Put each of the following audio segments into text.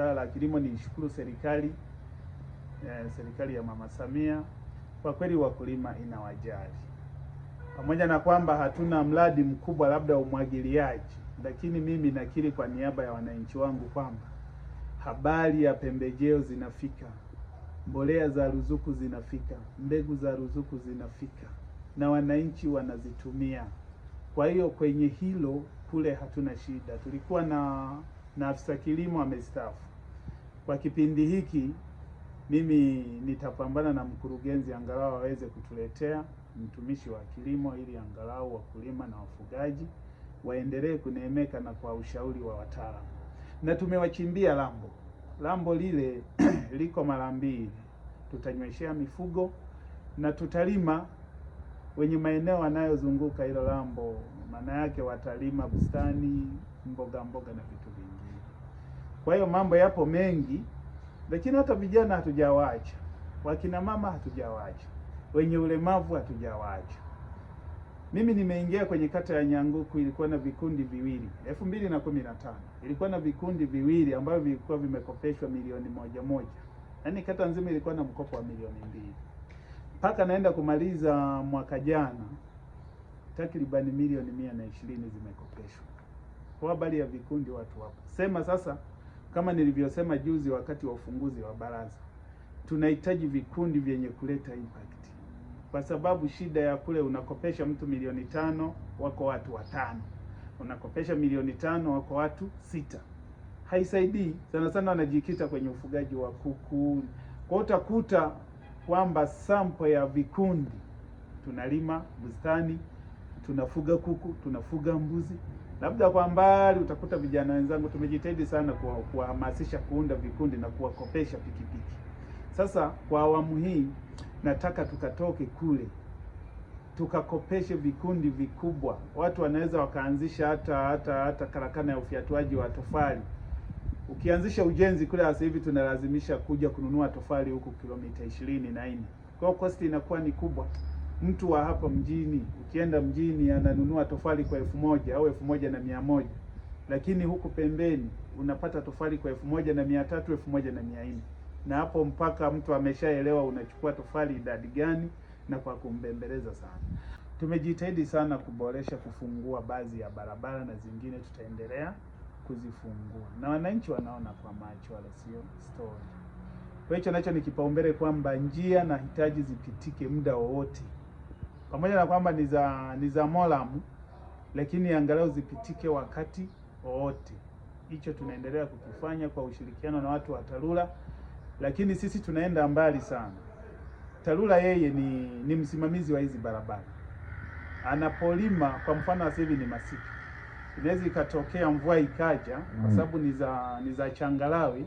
suala la kilimo, niishukuru serikali eh, serikali ya Mama Samia kwa kweli, wakulima inawajali. Pamoja na kwamba hatuna mradi mkubwa labda umwagiliaji, lakini mimi nakiri kwa niaba ya wananchi wangu kwamba habari ya pembejeo zinafika, mbolea za ruzuku zinafika, mbegu za ruzuku zinafika na wananchi wanazitumia. Kwa hiyo kwenye hilo kule hatuna shida. Tulikuwa na na afisa kilimo amestaafu kwa kipindi hiki mimi nitapambana na mkurugenzi angalau aweze kutuletea mtumishi wa kilimo ili angalau wakulima na wafugaji waendelee kuneemeka na kwa ushauri wa wataalamu. Na tumewachimbia lambo, lambo lile liko mara mbili, tutanyweshea mifugo na tutalima wenye maeneo yanayozunguka hilo lambo. Maana yake watalima bustani, mboga mboga na vitu vingi. Kwa hiyo mambo yapo mengi, lakini hata vijana hatujawaacha, wakina mama hatujawaacha, wenye ulemavu hatujawaacha. Mimi nimeingia kwenye kata ya Nyanguku, ilikuwa na vikundi viwili elfu mbili na kumi na tano ilikuwa na vikundi viwili ambavyo vilikuwa vimekopeshwa milioni moja moja, yaani kata nzima ilikuwa na mkopo wa milioni mbili mpaka naenda kumaliza mwaka jana, takribani milioni mia na ishirini zimekopeshwa. Kwa habari ya vikundi, watu wapo sema sasa kama nilivyosema juzi wakati wa ufunguzi wa baraza, tunahitaji vikundi vyenye kuleta impact, kwa sababu shida ya kule unakopesha mtu milioni tano, wako watu watano, unakopesha milioni tano, wako watu sita, haisaidii sana sana. Wanajikita kwenye ufugaji wa kuku, kwa utakuta kwamba sampo ya vikundi tunalima bustani, tunafuga kuku, tunafuga mbuzi labda kwa mbali utakuta vijana wenzangu tumejitahidi sana kuwahamasisha kuunda vikundi na kuwakopesha pikipiki. Sasa kwa awamu hii nataka tukatoke kule tukakopeshe vikundi vikubwa. Watu wanaweza wakaanzisha hata hata hata karakana ya ufyatuaji wa tofali. Ukianzisha ujenzi kule, sasa hivi tunalazimisha kuja kununua tofali huku kilomita ishirini na nne, kwa hiyo kosti inakuwa ni kubwa mtu wa hapa mjini, ukienda mjini ananunua tofali kwa elfu moja au elfu moja na mia moja lakini huku pembeni unapata tofali kwa elfu moja na mia tatu elfu moja na mia nne na hapo mpaka mtu ameshaelewa unachukua tofali idadi gani, na kwa kumbembeleza sana. Tumejitahidi sana kuboresha kufungua baadhi ya barabara na zingine tutaendelea kuzifungua, na wananchi wanaona kwa macho, wala sio story. Kwa hicho nacho ni kipaumbele kwamba njia na hitaji zipitike muda wowote pamoja na kwamba ni za ni za Moram, lakini angalau zipitike wakati wowote. Hicho tunaendelea kukifanya kwa ushirikiano na watu wa TARURA, lakini sisi tunaenda mbali sana. TARURA yeye ni, ni msimamizi wa hizi barabara. Anapolima kwa mfano, sasa hivi ni masika, inaweza ikatokea mvua ikaja, kwa mm. sababu ni za ni za changarawi,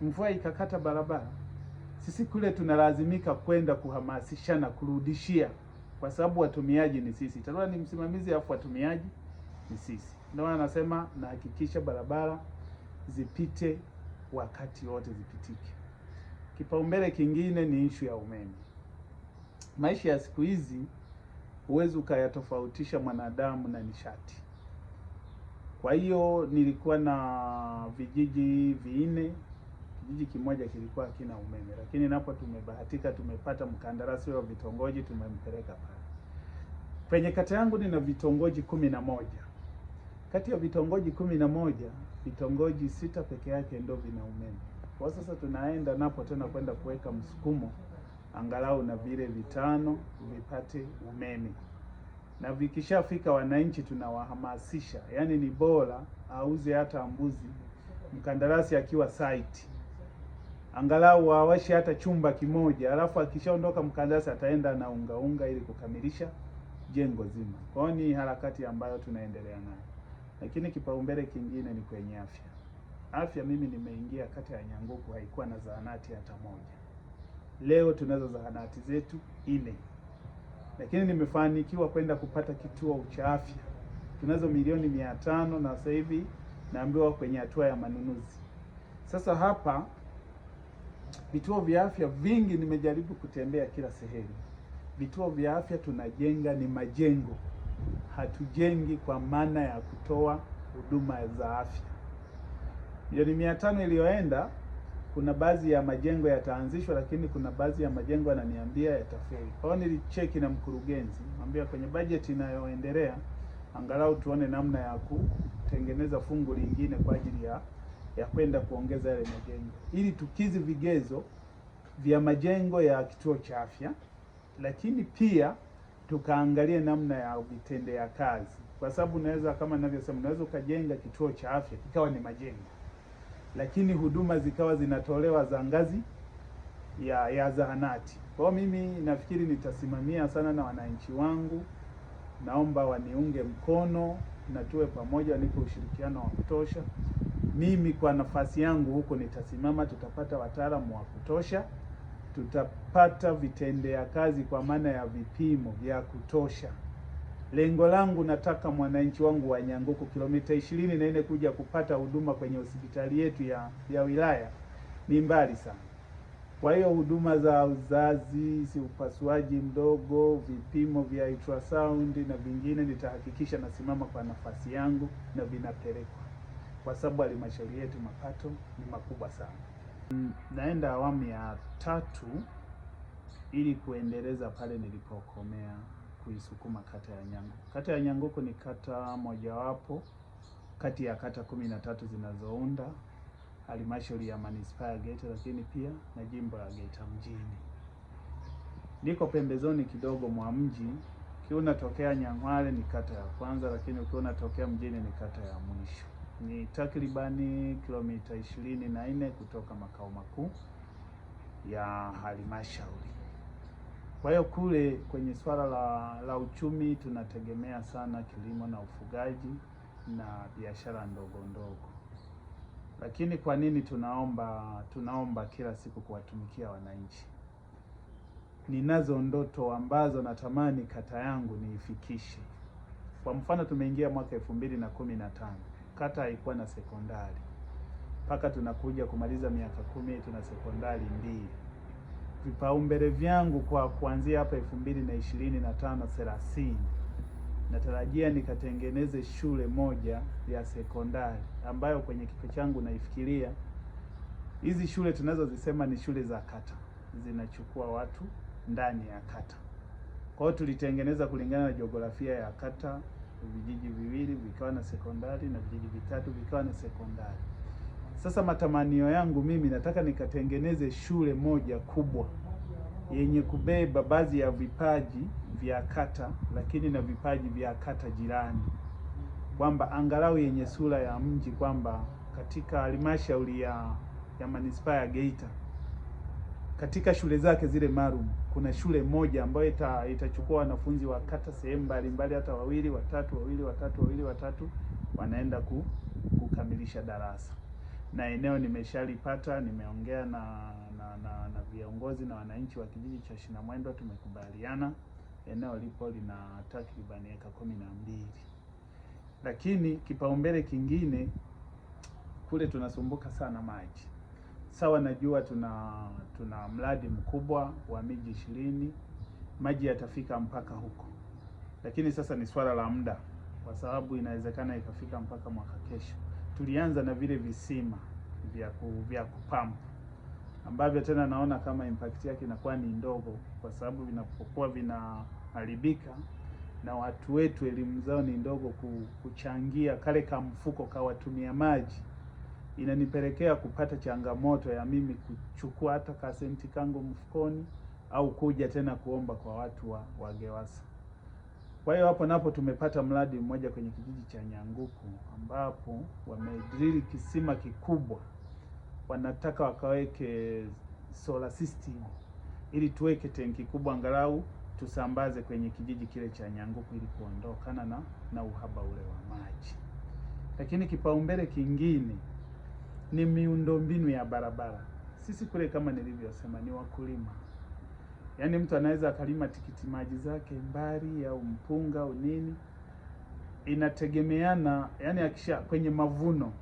mvua ikakata barabara, sisi kule tunalazimika kwenda kuhamasishana kurudishia kwa sababu watumiaji ni sisi. TARURA ni msimamizi afu watumiaji ni sisi. Ndio maana nasema nahakikisha barabara zipite wakati wote, zipitike. Kipaumbele kingine ni ishu ya umeme. Maisha ya siku hizi huwezi ukayatofautisha mwanadamu na nishati. Kwa hiyo nilikuwa na vijiji vinne kijiji kimoja kilikuwa hakina umeme, lakini napo tumebahatika tumepata mkandarasi wa vitongoji, tumempeleka pale. Kwenye kata yangu nina vitongoji kumi na moja. Kati ya vitongoji kumi na moja vitongoji sita peke yake ndio vina umeme kwa sasa. Tunaenda napo tena kwenda kuweka msukumo angalau na vile vitano vipate umeme, na vikishafika wananchi tunawahamasisha, yaani ni bora auze hata mbuzi mkandarasi akiwa site angalau awashe hata chumba kimoja, alafu akishaondoka mkandarasi ataenda na unga unga ili kukamilisha jengo zima. Kwa hiyo ni harakati ambayo tunaendelea nayo, lakini kipaumbele kingine ni kwenye afya. Afya mimi nimeingia kata ya Nyanguku haikuwa na zahanati hata moja, leo tunazo zahanati zetu nne, lakini nimefanikiwa kwenda kupata kituo cha afya, tunazo milioni mia tano na sasa hivi naambiwa kwenye hatua ya manunuzi. Sasa hapa Vituo vya afya vingi, nimejaribu kutembea kila sehemu. Vituo vya afya tunajenga ni majengo, hatujengi kwa maana ya kutoa huduma za afya. Milioni mia tano iliyoenda, kuna baadhi ya majengo yataanzishwa, lakini kuna baadhi ya majengo yananiambia yatafeli. Kwa hiyo nilicheki na mkurugenzi, mwambia kwenye bajeti inayoendelea angalau tuone namna ya kutengeneza fungu lingine kwa ajili ya ya kwenda kuongeza yale majengo ili tukizi vigezo vya majengo ya kituo cha afya, lakini pia tukaangalia namna ya vitendea kazi, kwa sababu unaweza kama ninavyosema, unaweza ukajenga kituo cha afya kikawa ni majengo, lakini huduma zikawa zinatolewa za ngazi ya ya zahanati. Kwa mimi nafikiri nitasimamia sana na wananchi wangu, naomba waniunge mkono na tuwe pamoja, nipe ushirikiano wa kutosha mimi kwa nafasi yangu huko nitasimama, tutapata wataalamu wa kutosha, tutapata vitendea kazi kwa maana ya vipimo vya kutosha. Lengo langu nataka mwananchi wangu wa Nyanguku kilomita ishirini na nne kuja kupata huduma kwenye hospitali yetu ya, ya wilaya ni mbali sana. Kwa hiyo huduma za uzazi, si upasuaji mdogo, vipimo vya ultrasound na vingine, nitahakikisha nasimama kwa nafasi yangu na vinapelekwa kwa sababu halmashauri yetu mapato ni makubwa sana. Naenda awamu ya tatu ili kuendeleza pale nilipokomea kuisukuma kata ya Nyanguku. Kata ya Nyanguku ni kata mojawapo kati ya kata kumi na tatu zinazounda halmashauri ya manispaa ya Geita, lakini pia na jimbo la Geita mjini. Niko pembezoni kidogo mwa mji, ukiwa unatokea Nyang'hwale ni kata ya kwanza, lakini ukiwa unatokea mjini ni kata ya mwisho ni takribani kilomita ishirini na nne kutoka makao makuu ya halmashauri. Kwa hiyo kule kwenye swala la, la uchumi tunategemea sana kilimo na ufugaji na biashara ndogo ndogo. Lakini kwa nini tunaomba tunaomba kila siku kuwatumikia wananchi? Ninazo ndoto ambazo natamani kata yangu niifikishe. Kwa mfano tumeingia mwaka elfu mbili na kumi na tano kata haikuwa na sekondari mpaka tunakuja kumaliza miaka kumi tuna sekondari mbili. Vipaumbele vyangu kwa kuanzia hapa elfu mbili na ishirini na tano thelathini, natarajia nikatengeneze shule moja ya sekondari ambayo kwenye kichwa changu naifikiria hizi shule tunazozisema ni shule za kata zinachukua watu ndani ya kata. Kwa hiyo tulitengeneza kulingana na jiografia ya kata vijiji viwili vikawa na sekondari na vijiji vitatu vikawa na sekondari. Sasa matamanio yangu mimi nataka nikatengeneze shule moja kubwa yenye kubeba baadhi ya vipaji vya kata, lakini na vipaji vya kata jirani, kwamba angalau yenye sura ya mji, kwamba katika halmashauri ya ya manispaa ya Geita katika shule zake zile maalum, kuna shule moja ambayo ita, itachukua wanafunzi wa kata sehemu mbalimbali, hata wawili watatu, wawili watatu, wawili watatu, wanaenda ku, kukamilisha darasa. Na eneo nimeshalipata, nimeongea na na, na na viongozi na wananchi wa kijiji cha Shinamwendo, tumekubaliana eneo lipo lina takribani eka kumi na mbili, lakini kipaumbele kingine kule tunasumbuka sana maji Sawa, najua tuna tuna mradi mkubwa wa miji ishirini, maji yatafika mpaka huko, lakini sasa ni swala la muda, kwa sababu inawezekana ikafika mpaka mwaka kesho. Tulianza na vile visima vya vya kupampu ambavyo tena naona kama impact yake inakuwa ni ndogo, kwa sababu vinapokuwa vinaharibika na watu wetu elimu zao ni ndogo kuchangia kale kamfuko kawatumia maji inanipelekea kupata changamoto ya mimi kuchukua hata kasenti kangu mfukoni au kuja tena kuomba kwa watu wa, wagewasa. Kwa hiyo hapo napo tumepata mradi mmoja kwenye kijiji cha Nyanguku ambapo wamedrili kisima kikubwa, wanataka wakaweke solar system ili tuweke tenki kubwa angalau tusambaze kwenye kijiji kile cha Nyanguku ili kuondokana na, na uhaba ule wa maji. Lakini kipaumbele kingine ni miundombinu ya barabara. Sisi kule kama nilivyosema ni wakulima, yaani mtu anaweza akalima tikiti maji zake mbali au mpunga au nini, inategemeana yaani akisha kwenye mavuno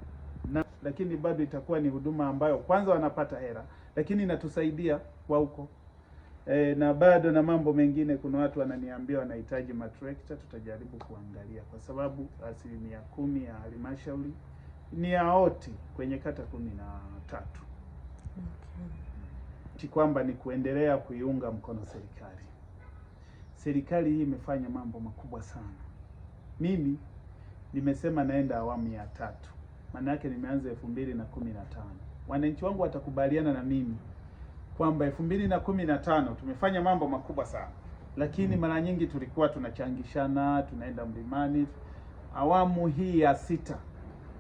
na, lakini bado itakuwa ni huduma ambayo kwanza wanapata hera, lakini inatusaidia kwa huko e, na bado na mambo mengine. Kuna watu wananiambia wanahitaji matrekta, tutajaribu kuangalia kwa sababu asilimia kumi ya halmashauri ni yaoti kwenye kata kumi na tatu okay. Kwamba ni kuendelea kuiunga mkono serikali. Serikali hii imefanya mambo makubwa sana. Mimi nimesema naenda awamu ya tatu, maana yake nimeanza elfu mbili na kumi na tano. Wananchi wangu watakubaliana na mimi kwamba elfu mbili na kumi na tano tumefanya mambo makubwa sana, lakini mara nyingi tulikuwa tunachangishana, tunaenda mlimani. Awamu hii ya sita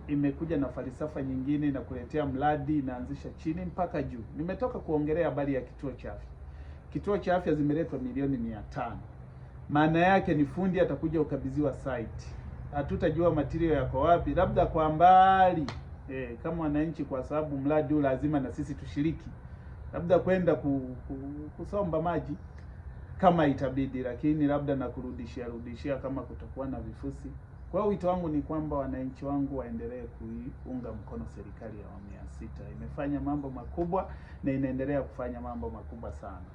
imekuja na falsafa nyingine na kuletea mradi inaanzisha chini mpaka juu. Nimetoka kuongelea habari ya kituo cha afya. Kituo cha afya zimeletwa milioni mia tano. Maana yake ni fundi atakuja ukabidhiwa site, hatutajua material yako wapi, labda kwa mbali e, kama wananchi, kwa sababu mradi huu lazima na sisi tushiriki, labda kwenda ku, ku, kusomba maji kama itabidi, lakini labda na kurudishia rudishia kama kutakuwa na vifusi. Kwa hiyo wito wangu ni kwamba wananchi wangu waendelee kuiunga mkono serikali ya awamu ya sita. Imefanya mambo makubwa na inaendelea kufanya mambo makubwa sana,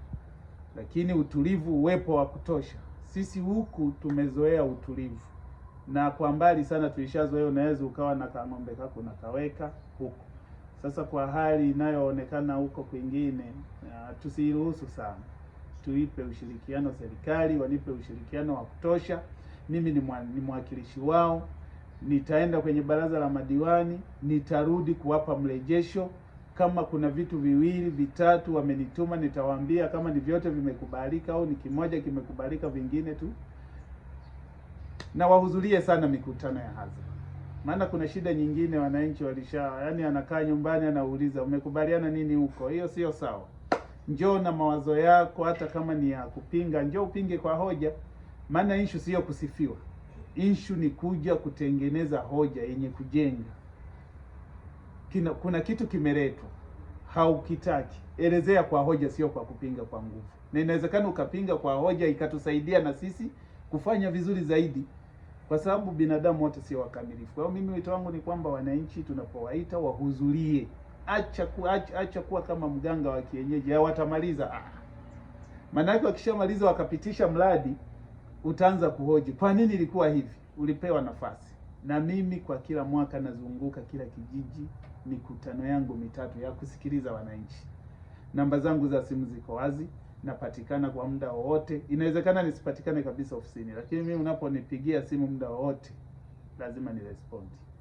lakini utulivu uwepo wa kutosha. Sisi huku tumezoea utulivu, na kwa mbali sana tulishazoea, unaweza ukawa na kang'ombe kako na kaweka huku. Sasa kwa hali inayoonekana huko kwingine, uh, tusiruhusu sana, tuipe ushirikiano serikali, wanipe ushirikiano wa kutosha mimi ni mwakilishi wao, nitaenda kwenye baraza la madiwani, nitarudi kuwapa mrejesho. Kama kuna vitu viwili vitatu wamenituma, nitawaambia kama ni vyote vimekubalika au ni kimoja kimekubalika, vingine tu. Na wahudhurie sana mikutano ya hadhara, maana kuna shida nyingine wananchi walisha, yani anakaa nyumbani anauliza umekubaliana nini huko. Hiyo sio sawa. Njoo na mawazo yako, hata kama ni ya kupinga, njoo upinge kwa hoja. Maana issue siyo kusifiwa, Issue ni kuja kutengeneza hoja yenye kujenga. Kina, kuna kitu kimeletwa haukitaki, elezea kwa hoja, sio kwa kupinga kwa nguvu. Na inawezekana ukapinga kwa hoja ikatusaidia na sisi kufanya vizuri zaidi, kwa sababu binadamu wote sio wakamilifu. Kwa hiyo mimi wito wangu ni kwamba wananchi tunapowaita wahudhurie, acha ku, acha, acha kuwa kama mganga wa kienyeji, watamaliza ah. Maanake wakishamaliza wakapitisha mradi utaanza kuhoji kwa nini ilikuwa hivi. Ulipewa nafasi. Na mimi kwa kila mwaka nazunguka kila kijiji, mikutano yangu mitatu ya kusikiliza wananchi. Namba zangu za simu ziko wazi, napatikana kwa muda wowote. Inawezekana nisipatikane kabisa ofisini, lakini mimi unaponipigia simu muda wowote lazima nirespondi.